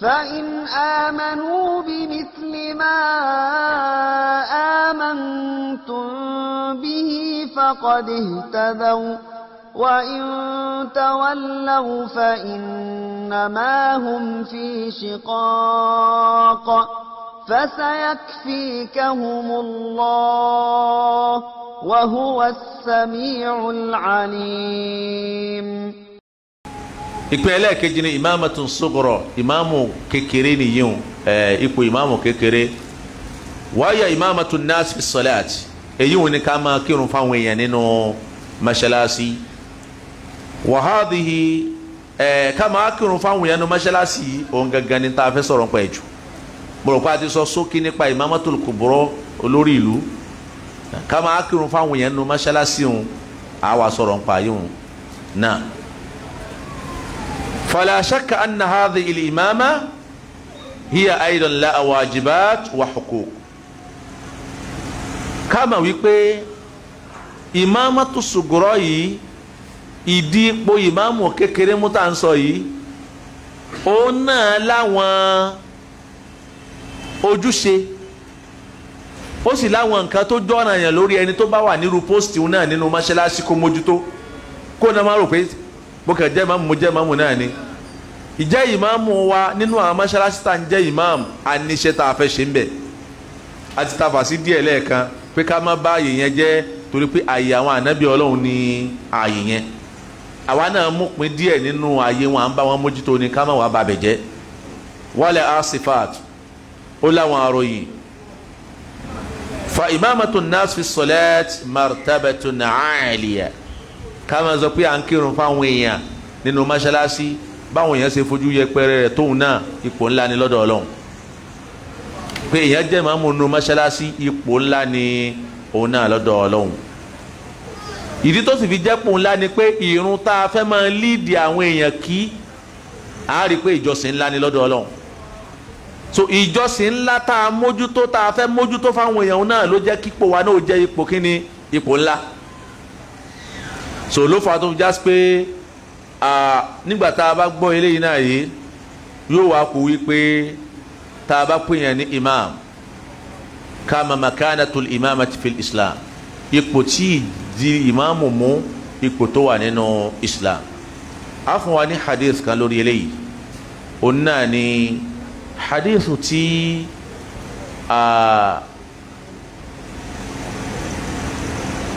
فإن آمنوا بمثل ما آمنتم به فقد اهتدوا وإن تولوا فإنما هم في شقاق فسيكفيكهم الله وهو السميع العليم ìpín ẹlẹ́ẹ̀kejì ni imamatun sughra ìmáàmù kékeré nìyí o ipò ìmáàmù kékeré wáyà imamatun nas fi salat èyí wọn ni ká máa kírun fáwọn èèyàn nínú mọ́ṣáláṣí wàhádìí ẹ̀ ká máa kírun fáwọn èèyàn nínú mọ́ṣáláṣí òun gangan ni tá a fẹ́ sọ̀rọ̀ pa ẹ̀jù mọ̀rọ̀kọ́ àti sọ sókè nípa imamatul kubro olórí ìlú ká máa kírun fáwọn èèyàn nínú mọ́ṣáláṣí yìí òun فلا شك أن هذه الإمامة هي أيضا لا واجبات وحقوق كما wípé ìmáàmátù sùgùrọ̀ yìí ìdí ipò ìmáàmù kékeré mútà ń sọ yìí òun náà láwọn ojúṣe ó sì láwọn nǹkan tó jọ́nà yàn lórí ẹni tó bá wà nírú pósìtì náà nínú mọ́ṣáláṣí kó mójútó kó náà má rò pé bó jẹ́ màmú jẹ́ màmú náà ni ìjẹ́ ìmáàmù wa nínú àwọn mọ́ṣáláṣí tá à ń jẹ́ ìmáàmù a ní iṣẹ́ tá a fẹ́ ṣe ń bẹ̀ a ti ta fàṣí díẹ̀ lẹ́ẹ̀kan pé ká má bá àyè yẹn jẹ́ torí pé àyè àwọn ànábì ọlọ́run ní àyè yẹn àwa náà mú pin díẹ̀ nínú àyè wọn à ń bá wọn mójútó ni ká má wàá bàbẹ̀ jẹ́ wálé asifat ó láwọn àròyìn fa ìmáàmàtò nas sọlẹ́t martabatun aliya ká máa sọ pé à ń kírun fáwọn èèyàn nínú mọ́ṣáláṣí báwọn èèyàn ṣe fojú yẹpẹrẹ rẹ̀ tóun náà ipò ńlá ni lọ́dọ̀ Ọlọ́run pé èèyàn jẹ́ màmú nu mọ́ṣáláṣí ipò ńlá ni òun náà lọ́dọ̀ Ọlọ́run ìdí tó sì fi jẹ́pò ńlá ni pé ìrun tá a fẹ́ máa líìdì àwọn èèyàn kí a rí i pé ìjọsìn ńlá ni lọ́dọ̀ Ọlọ́run so ìjọsìn ńlá tá a mójútó tá a fẹ́ mójútó fáwọn èèyàn náà ló jẹ́ kípò wa náà jẹ́ ipò kíni ipò ńlá so ló fà tó fi já pé nígbà tá a bá gbọ́ eléyìí náà yìí yóò wá kú wípé tá a bá pè yẹn ní imam kama makanatul imamati fil islam ipò tí di ìmáàmù mú ipò tó wà nínú islam a fún wa ní hadith kan lórí eléyìí òun náà ni hadith tí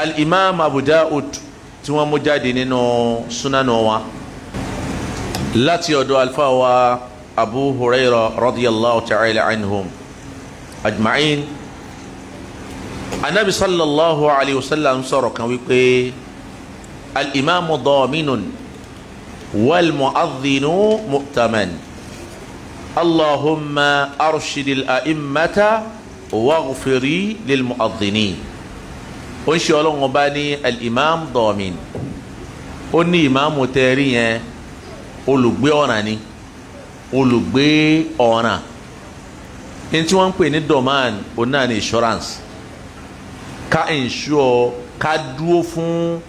al-imam abu da'ud tí wọ́n mú jáde nínú súnánù wa láti ọ̀dọ̀ alfa wa abu huraira radiyallahu ta'ala anhum ajma'in anabi sallallahu alayhi wa sallam sọ̀rọ̀ kan wípé al-imamu daminun wal mu'adhdhinu mu'taman allahumma arshidil a'immata waghfiri lil mu'adhdhinin ó ń ṣe ọlọ́run ọba ní al-imam domin ó ní ìmáàmù tẹ́rí yẹn olùgbé ọ̀ràn ni olùgbé ọ̀ràn ní tí wọ́n ń pè ní doman òun ní insurance ká insure ká dúró fún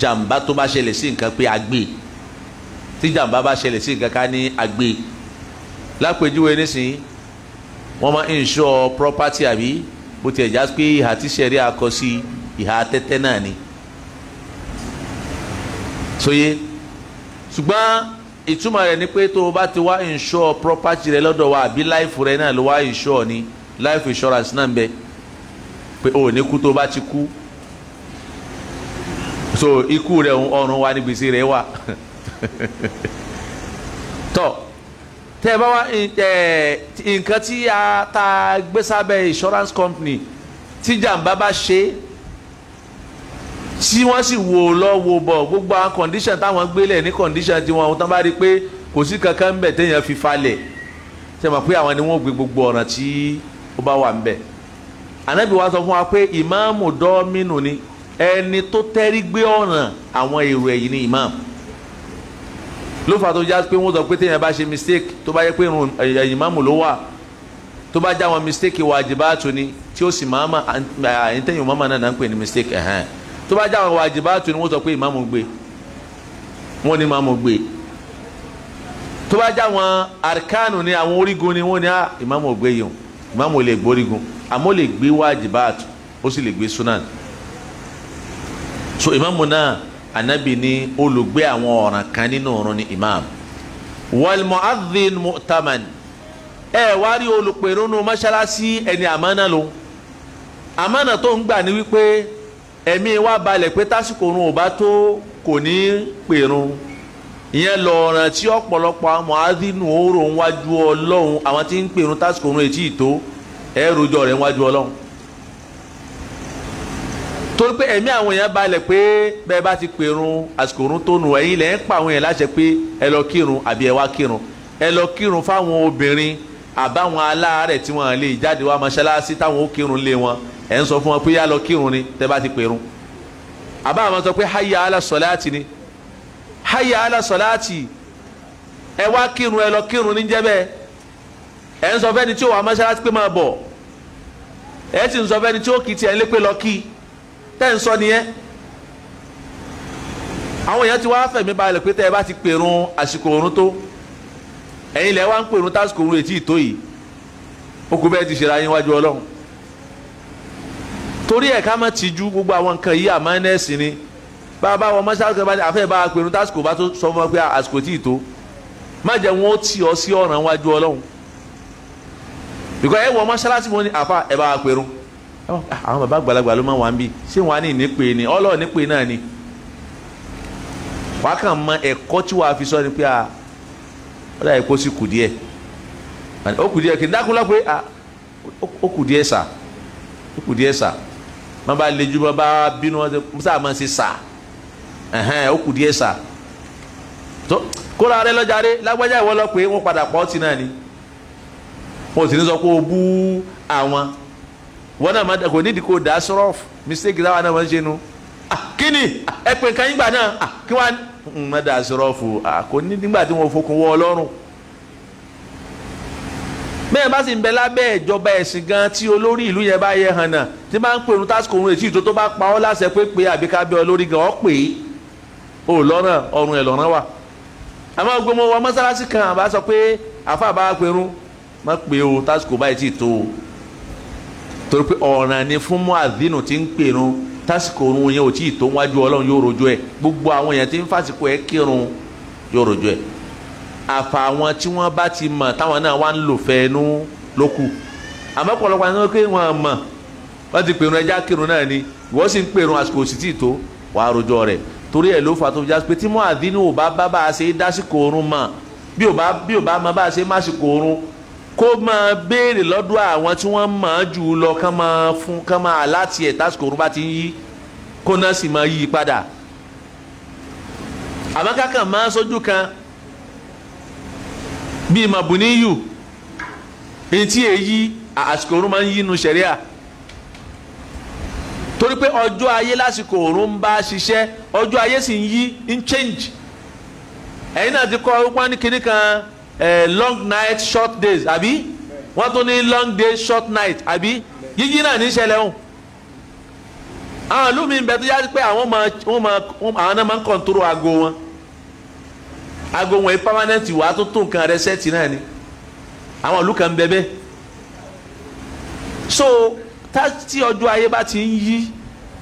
jàǹbá tó bá ṣẹlẹ̀ sí nǹkan pé agbè tí jàǹbá bá ṣẹlẹ̀ sí nǹkan ká ní agbè lápèjúwe nísìnyí wọ́n máa insure property àbí bó tiẹ̀ já pé ìhà tí sẹ̀rí ìhà tẹ́tẹ́ náà ni sóye ṣùgbọ́n ìtumọ̀ rẹ̀ ni pé tó o bá ti wá insure property rẹ lọ́dọ̀ wa àbí life rẹ náà ló wá insure ni life insurance náà ń bẹ pé o ò ní kú tó o bá ti kú so ikú rẹ ọrùn wa ni gbèsè rẹ wà tọ́ tẹ́ bá wá nǹkan tí a ta gbé sábẹ́ insurance company tí jàǹbá bá ṣe tí wọ́n sì wò lọ́wọ́ bọ̀ gbogbo àwọn condition táwọn gbélẹ̀ ní condition tiwọn ohun tán bá rí pé kò sí kankan ń téèyàn fi falẹ̀ ṣe mọ̀ pé àwọn ni wọ́n gbé gbogbo ọ̀ràn tí ó bá wà ń bẹ̀ wa sọ fún wa pé ìmáàmù dọ́mínù ni ẹni tó tẹ́rí gbé ọ̀ràn àwọn èrò ẹ̀yìn ni ìmáàmù ló fà tó já pé wọ́n sọ pé téèyàn bá ṣe mistake tó bá yẹ pé irun ẹ̀yìn máàmù ló wà tó bá já wọn mistake wàjibáàtù ni tí ó sì máa ma àyíntẹ́yìn máàmù náà náà ń pè ní mistake ẹ̀hẹ́n tó bá jáwọn wàjibáàtù ni wọ́n sọ pé ìmáàmù gbé wọ́n ní ìmáàmù gbé tó bá jáwọn arkanu ni àwọn orígun ni wọ́n ní ah, ìmáàmù gbé yìí o ìmáàmù lè gbórígun àmọ́ lè gbé wàjibáàtù ó sì lè gbé sunan so ìmáàmù náà anabi ni olùgbé àwọn ọ̀ràn kan nínú ọ̀run ni ìmáàmù wal mu'adhdhin mu'taman ẹ wá rí olùpèrúnú mọ́ṣáláṣí ẹni àmánà ló àmánà tó ń gbà ní wípé ẹ̀mí wa balẹ̀ pé tásìkò òrùn ò bá tó kò ní pèrun ìyẹn lọ́ọ̀ràn tí ọ̀pọ̀lọpọ̀ àwọn àdínú òórò ń wájú ọlọ́run àwọn tí ń pèrun tásìkò òrùn ètí ìtó ẹ̀rọjọ rẹ̀ ń wájú ọlọ́run torí pé ẹ̀mí àwọn èèyàn balẹ̀ pé bẹ́ẹ̀ bá ti pèrun àsìkò òrùn tó nù ẹ̀yin lẹ́ ń pa àwọn èèyàn láṣẹ pé ẹ lọ kírun àbí ẹ wá kírun ẹ lọ kírun fáwọn obìnrin àbáwọn aláàárẹ̀ tí wọ́n ẹ̀ ń sọ fún wọn pé yá lọ kírun ni tẹ́ bá ti pèrún àbá àwọn sọ pé háyà ala sọláàtì ni háyà ala sọláàtì ẹ wá kírun ẹ lọ kírun ní jẹ́ bẹ́ẹ̀ ẹ ń sọ fẹ́ni tí ó wà mọ́ṣáláṣí pé máa bọ̀ ẹ sì ń sọ fẹ́ni tí ó kì í tiẹ̀ ń lé pé lọ kí tẹ́ ń sọ nìyẹn àwọn èèyàn ti wá fẹ̀mí balẹ̀ pé tẹ́ ẹ bá ti pèrun àsìkò òrun tó ẹ̀yin lẹ́ wá ń pèrun tásìkò òrun ètí ìtó yìí ó kú bẹ́ẹ̀ ti ṣe ra yín wájú ọlọ́run torí ẹ ká má gbogbo àwọn nǹkan yìí àmánẹ́sì ni bàbá wọn mọ́ṣáláṣí bá ní afẹ́ bá a pinnu tásìkò bá tó sọ fún wa pé àsìkò tí ì tó má jẹ́ wọn ó ọ sí ọ̀ràn wọ mọ́ṣáláṣí wọn ni àfa ẹ bá a pinnu ah, àwọn bàbá àgbàlagbà ló wà ń ṣé wọn á ní ìnípe ni ọlọ́ọ̀ nípe náà ni wàá kàn mọ ẹ̀kọ́ tí wàá sọ ni pé a ah, ó dà ẹ̀kọ́ sí kù ó kì í pé má bá lejú má bá bínú wọn sá máa ṣe sà ẹ̀hẹ́n ó kù díẹ̀ sà tó kóra rẹ lọ́jàre lágbájá ìwọ lọ pé wọ́n padà pọ̀ tì náà ni wọn ò sì ní sọ pé o bú àwọn wọn náà má kò nídìí kó dá sọ́rọ́ọ̀fù mistake táwa náà máa ń ṣe nu kíni ẹ pè nǹkan yín gbà náà kí wọ́n má dá sọ́rọ́ọ̀fù kò ní nígbà tí wọ́n fokùn wọ́ ọlọ́run bẹ́ẹ̀ bá sì ń bẹ lábẹ́ ìjọba ẹ̀sìn gan tí olórí ìlú yẹn bá yẹ hàn náà tí máa ń pè ní tásìkò òun ètí ìtò tó bá pa ọ́ láṣẹ pé pé àbíká bẹ́ ọ lórí gan ọ́ pè é ò lọ́nà ọrùn ẹ̀ lọ́nà wà àmọ́ gbogbo wọn mọ́sálásí kan àbá sọ pé àfa bá pẹ̀rún má pè o tásìkò báyìí tí tó o torí pé ọ̀ràn ni fún muazinu ti ń pèrún tásìkò òun yẹn ò tí ì tó wájú ọlọ́run yóò rojọ́ ẹ̀ gbogbo àwọn èèyàn ti ń fàsìkò ẹ̀ kírun yóò rojọ́ ẹ̀ àfà àwọn tí wọ́n bá ti mọ̀ táwọn náà wá ń lò fẹ́ẹ́nú lókù àmọ́ pọ̀lọpọ̀ àwọn ẹni wọ́n mọ̀ wọ́n ti pèrún ẹja kírun náà ni ìwọ sì ń pèrún àsìkò sì tì tó wàá rojọ́ rẹ̀ torí ẹ̀ ló fà tó fi já pé tí mo àdínú ò bá bá bá a ṣe dásìkò oorun mọ̀ bí ò bá bí ò bá mọ bá a ṣe másìkò oorun kó máa béèrè lọ́dọ̀ àwọn tí wọ́n mọ̀ ọ́ jù lọ kán máa fún kán máa láti ẹ̀ tásìkò oorun bá ti ń yí kó náà sì máa yí padà àmọ́ kákan máa sójú kan bíi màbùníyù etí èyí àsìkò oorun máa ń yí nu sẹ̀ríà. torí pé ọjọ́ ayé lásìkò òòrùn ń bá ṣiṣẹ́ ọjọ́ ayé sì ń yí ń change ẹ̀yin náà ti kọ́ wọ́n ní kinní kan long night short days àbí wọ́n tún ní long day short night àbí yíyí náà ní ìṣẹ̀lẹ̀ ọ̀hún àwọn ìlú mi ń bẹ tó yára pé àwọn máa àwọn náà máa ń kọ̀ǹtóró aago wọn aago wọn yìí permanent wàá tó tó nǹkan rẹ̀ sẹ́ẹ̀tì náà ni àwọn ìlú kan ń bẹ bẹ́ẹ̀ so. tí ọjọ́ ayé bá ti ń yí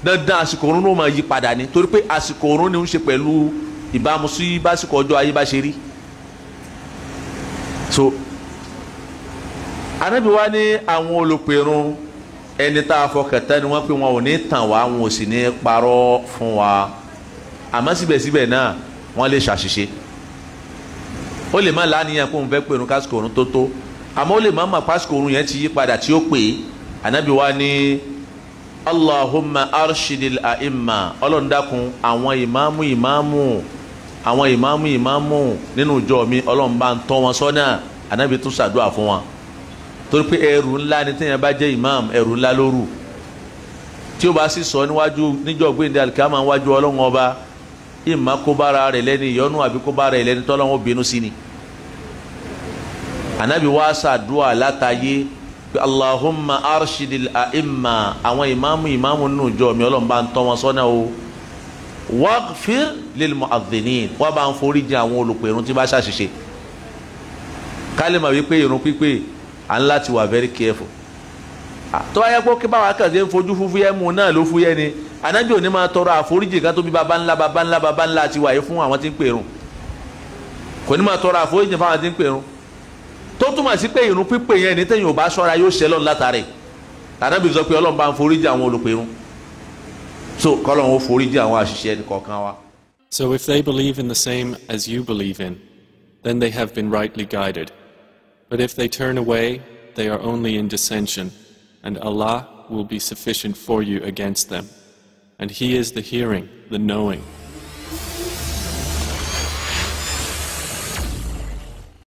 dandan àsìkò òrùn ló máa yí padà ni torí pé àsìkò òrùn ni ń ṣe pẹ̀lú ìbámu sí básìkò ọjọ́ ayé bá ṣe rí so Ànábì wa ní àwọn olùpẹ̀rùn ẹni tá a fọkàn tán ni wọ́n pé wọn ò ní tàn wá wọn ò sì ní parọ́ fún wa àmọ́ síbẹ̀síbẹ̀ náà wọ́n lè ṣàṣìṣe ó lè má láníyàn pé òun fẹ́ pẹ̀rùn kásìkò òrùn tó tó àmọ́ ó lè má mà pásìkò òrùn yẹn ti yí padà tí ó pè é anabi wa ni allahumma arshidil a'imma ọlọ́run dákun àwọn ìmáàmù ìmáàmù àwọn ìmáàmù ìmáàmù nínú ìjọ mi ọlọ́run bá ń tọ́ wọn sọ́nà anabi tún ṣàdúrà fún wọn torí pé ẹrù ńlá ni téèyàn bá jẹ́ ìmáàmù ẹrù ńlá lóru tí ó bá sì sọ níwájú níjọ́ gbéǹde alikama níwájú ọlọ́run ọba ìmá kó bára rẹ̀ lẹ́ni ìyọnu àbí kó bára rẹ̀ lẹ́ni tọ́lọ́run bínú sí ni anabi wa ṣàdúrà látàyé pé Allahumma arshidil a'imma àwọn ìmáàmù ìmáàmù nínú ìjọ mi Ọlọ́run bá ń tọ́ wọn sọ́nà o waghfir lil mu'adhdhinin wọ́n bá ń forí jìn àwọn olùpè irun tí bá ṣàṣìṣe kálí wípé irun pípé à ń láti wà very careful tó bá yẹ kó kí báwa kàn ṣe ń fojú fúfú yẹ mu náà ló fú yẹ ni anájú òní máa tọrọ àforíjì kan tó bí baba ńlá baba ńlá baba ńlá ti wáyé fún àwọn tí ń pè irun kò ní máa tọrọ àforíjì fún tí ń pè irun tó túmọ̀ sí pé irun pípé yẹn ní tẹ̀yìn ò bá ṣọ́ra yóò ṣe lọ́nà látàrí ànábì sọ pé ọlọ́run bá ń foríjì àwọn olùpẹ̀rún so kọ́lọ́run ó foríjì àwọn àṣìṣe ẹnì kọ̀ọ̀kan wa. So if they believe in the same as you believe in, then they have been rightly guided. But if they turn away, they are only in dissension, and Allah will be sufficient for you against them. And He is the hearing, the knowing.